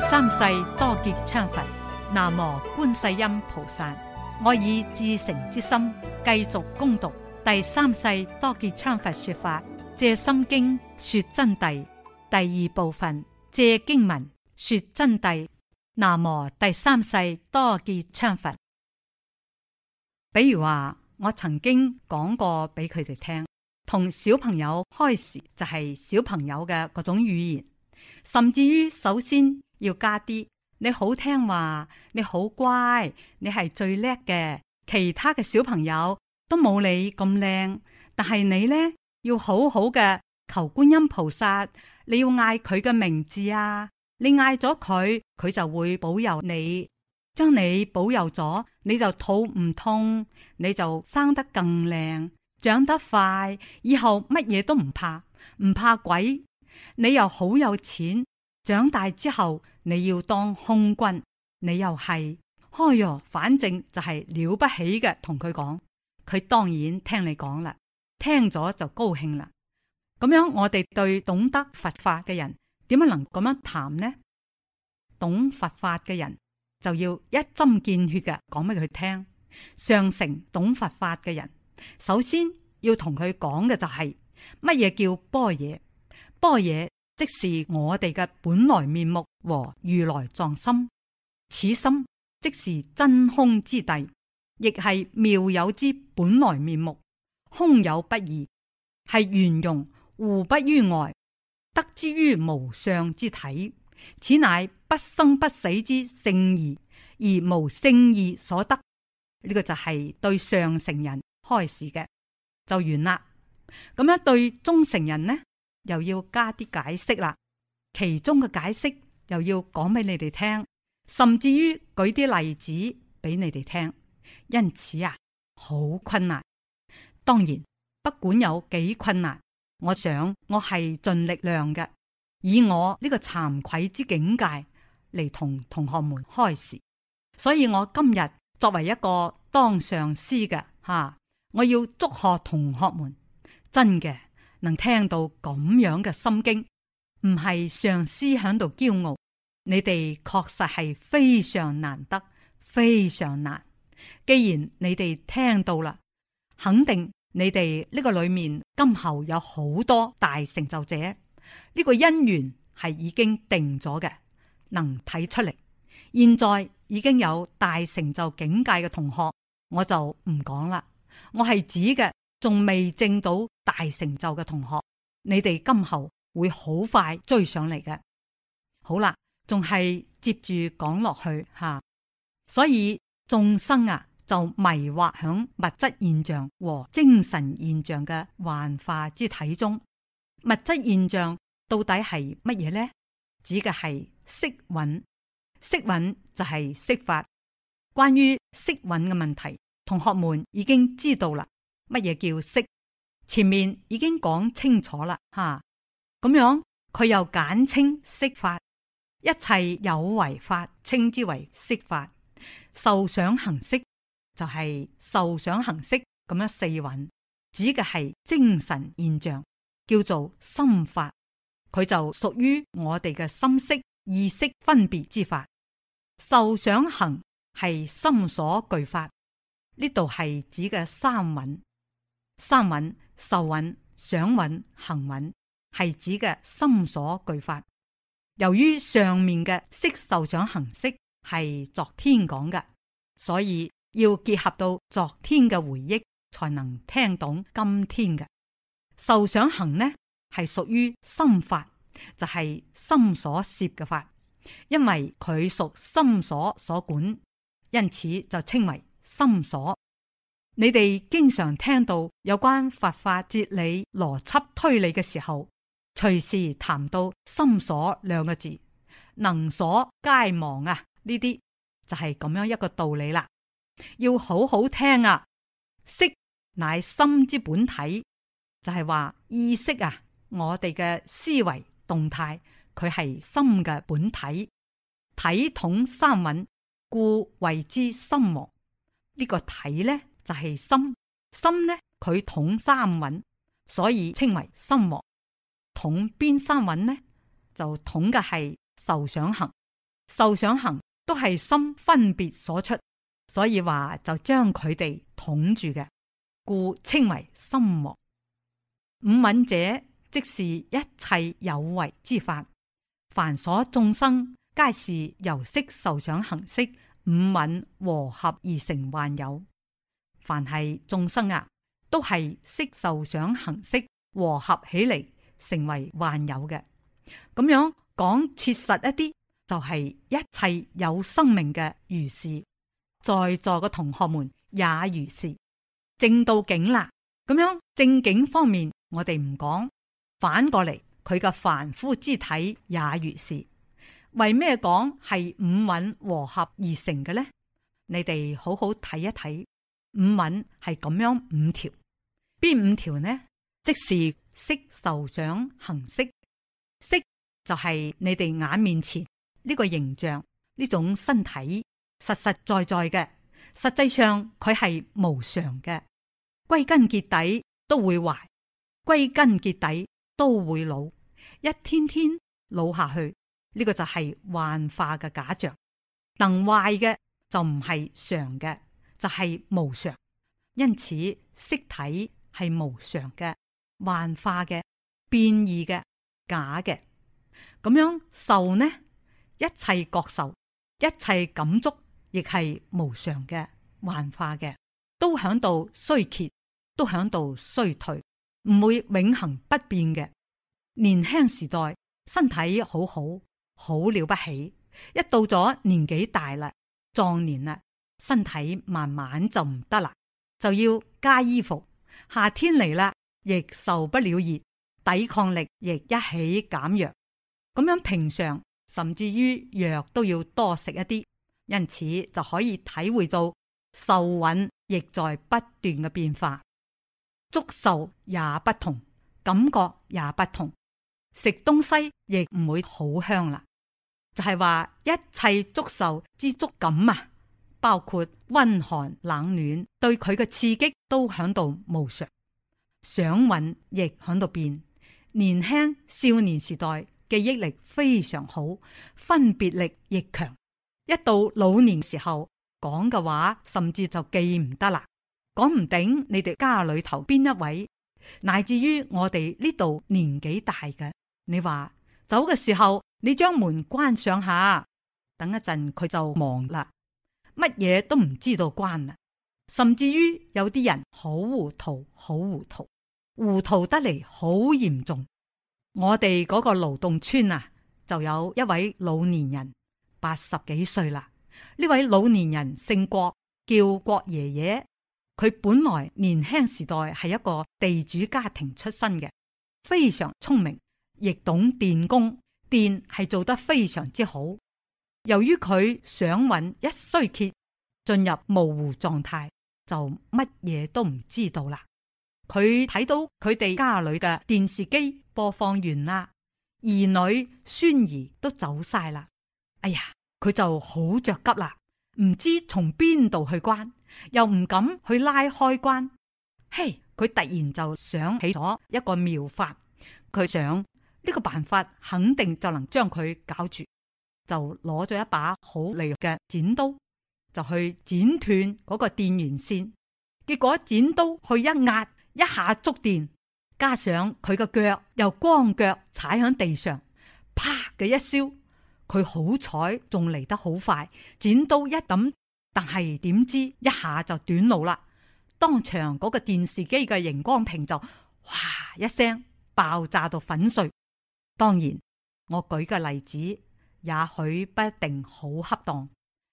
第三世多杰羌佛，南無觀世音菩薩。我以至誠之心繼續攻讀第三世多杰羌佛說法，借心經說真諦第二部分，借經文說真諦。南無第三世多杰羌佛。比如話，我曾經講過俾佢哋聽，同小朋友開始就係小朋友嘅嗰種語言，甚至於首先。要加啲，你好聽話，你好乖，你係最叻嘅，其他嘅小朋友都冇你咁靚。但係你呢，要好好嘅求觀音菩薩，你要嗌佢嘅名字啊！你嗌咗佢，佢就會保佑你，將你保佑咗，你就肚唔痛，你就生得更靚，長得快，以後乜嘢都唔怕，唔怕鬼，你又好有錢。長大之後你要當空軍，你又係，哎喲，反正就係了不起嘅。同佢講，佢當然聽你講啦，聽咗就高興啦。咁樣我哋對懂得佛法嘅人，點樣能咁樣談呢？懂佛法嘅人就要一針見血嘅講俾佢聽。上乘懂佛法嘅人，首先要同佢講嘅就係乜嘢叫般若。般若。即是我哋嘅本來面目和如來藏心，此心即是真空之地，亦係妙有之本來面目，空有不二，係圓融互不於外，得之於無上之體，此乃不生不死之聖義，而無聖義所得。呢、這個就係對上成人開示嘅，就完啦。咁樣對中成人呢？又要加啲解釋啦，其中嘅解釋又要講俾你哋聽，甚至於舉啲例子俾你哋聽，因此啊，好困難。當然，不管有幾困難，我想我係盡力量嘅，以我呢個慚愧之境界嚟同同學們開示。所以我今日作為一個當上司嘅吓，我要祝賀同學們，真嘅。能聽到咁樣嘅心經，唔係上司響度驕傲，你哋確實係非常難得，非常難。既然你哋聽到啦，肯定你哋呢個裏面今後有好多大成就者，呢個因緣係已經定咗嘅，能睇出嚟。現在已經有大成就境界嘅同學，我就唔講啦，我係指嘅。仲未證到大成就嘅同學，你哋今後會好快追上嚟嘅。好啦，仲係接住講落去吓、啊。所以眾生啊，就迷惑響物質現象和精神現象嘅幻化之體中。物質現象到底係乜嘢呢？指嘅係色蘊，色蘊就係色法。關於色蘊嘅問題，同學們已經知道啦。乜嘢叫色？前面已經講清楚啦。吓咁樣，佢又簡稱色法，一切有為法稱之為色法。受想行識就係、是、受想行識咁樣四蘊，指嘅係精神現象，叫做心法，佢就屬於我哋嘅心識意識分別之法。受想行係心所具法，呢度係指嘅三蘊。三蘊、受蘊、想蘊、行蘊，係指嘅心所具法。由於上面嘅色受想行識係昨天講嘅，所以要結合到昨天嘅回憶，才能聽懂今天嘅受想行呢？係屬於心法，就係、是、心所攝嘅法，因為佢屬心所所管，因此就稱為心所。你哋經常聽到有關佛法哲理邏輯推理嘅時候，隨時談到心所兩個字，能所皆亡啊！呢啲就係咁樣一個道理啦，要好好聽啊。識乃心之本體，就係話意識啊，我哋嘅思維動態，佢係心嘅本體。體統三蘊，故謂之心亡。呢個體呢？就係心，心呢，佢統三蘊，所以稱為心王。統邊三蘊呢？就統嘅係受想行，受想行都係心分別所出，所以話就將佢哋統住嘅，故稱為心王。五蘊者，即是一切有為之法，凡所眾生皆是由色受想行識五蘊和合而成，幻有。凡係眾生啊，都係色、色、受、想、行、識和合起嚟，成為患有嘅。咁樣講切實一啲，就係、是、一切有生命嘅，如是在座嘅同學們也如是正到景啦。咁樣正景方面我哋唔講，反過嚟佢嘅凡夫之體也如是。為咩講係五蘊和合而成嘅呢？你哋好好睇一睇。五穩係咁樣五條，邊五條呢？即是色受想行識，色就係你哋眼面前呢，這個形象，呢種身體實實在在嘅。實際上佢係無常嘅，歸根結底都會壞，歸根結底都會老，一天天老下去，呢，這個就係幻化嘅假象，能壞嘅就唔係常嘅。就係無常，因此色體係無常嘅、幻化嘅、變異嘅、假嘅，咁樣受呢，一切覺受、一切感觸亦係無常嘅、幻化嘅，都響度衰竭，都響度衰退，唔會永恒不變嘅。年輕時代身體好好，好了不起，一到咗年紀大啦，壯年啦。身體慢慢就唔得啦，就要加衣服。夏天嚟啦，亦受不了熱，抵抗力亦一起減弱。咁樣平常甚至於藥都要多食一啲，因此就可以體會到受蘊亦在不斷嘅變化，觸受也不同，感覺也不同，食東西亦唔會好香啦。就係、是、話一切觸受之觸感啊！包括溫寒、冷暖，對佢嘅刺激都響度無常，想蘊亦響度變。年輕少年時代記憶力非常好，分別力亦強。一到老年時候，講嘅話甚至就記唔得啦。講唔定你哋家裏頭邊一位，乃至於我哋呢度年紀大嘅，你話走嘅時候，你將門關上下，等一陣佢就忘啦。乜嘢都唔知道關啦，甚至於有啲人好糊塗，好糊塗，糊塗得嚟好嚴重。我哋嗰個勞動村啊，就有一位老年人，八十幾歲啦。呢位老年人姓郭，叫郭爺爺。佢本來年輕時代係一個地主家庭出身嘅，非常聰明，亦懂電工，電係做得非常之好。由於佢想穩一衰竭，進入模糊狀態，就乜嘢都唔知道啦。佢睇到佢哋家裏嘅電視機播放完啦，兒女孫兒都走晒啦。哎呀，佢就好着急啦，唔知從邊度去關，又唔敢去拉開關。嘿，佢突然就想起咗一個妙法，佢想呢個辦法肯定就能將佢搞住。就攞咗一把好利嘅剪刀，就去剪斷嗰個電源線。結果剪刀去一壓，一下觸電，加上佢個腳又光腳踩喺地上，啪嘅一燒，佢好彩仲嚟得好快，剪刀一抌，但係點知一下就短路啦。當場嗰個電視機嘅熒光屏就嘩一聲爆炸到粉碎。當然，我舉個例子。也許不一定好恰當，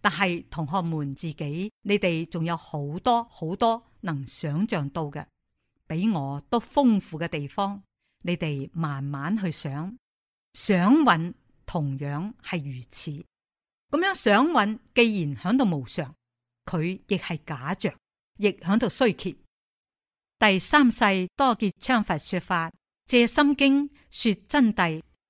但係同學們自己，你哋仲有好多好多能想象到嘅，比我都豐富嘅地方，你哋慢慢去想，想蘊同樣係如此。咁樣想蘊，既然響度無常，佢亦係假象，亦響度衰竭。第三世多杰羌佛說法，借心經說真諦。